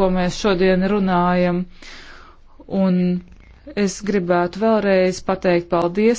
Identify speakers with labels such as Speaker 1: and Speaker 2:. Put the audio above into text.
Speaker 1: ko mēs šodien runājam. Un es gribētu vēlreiz pateikt paldies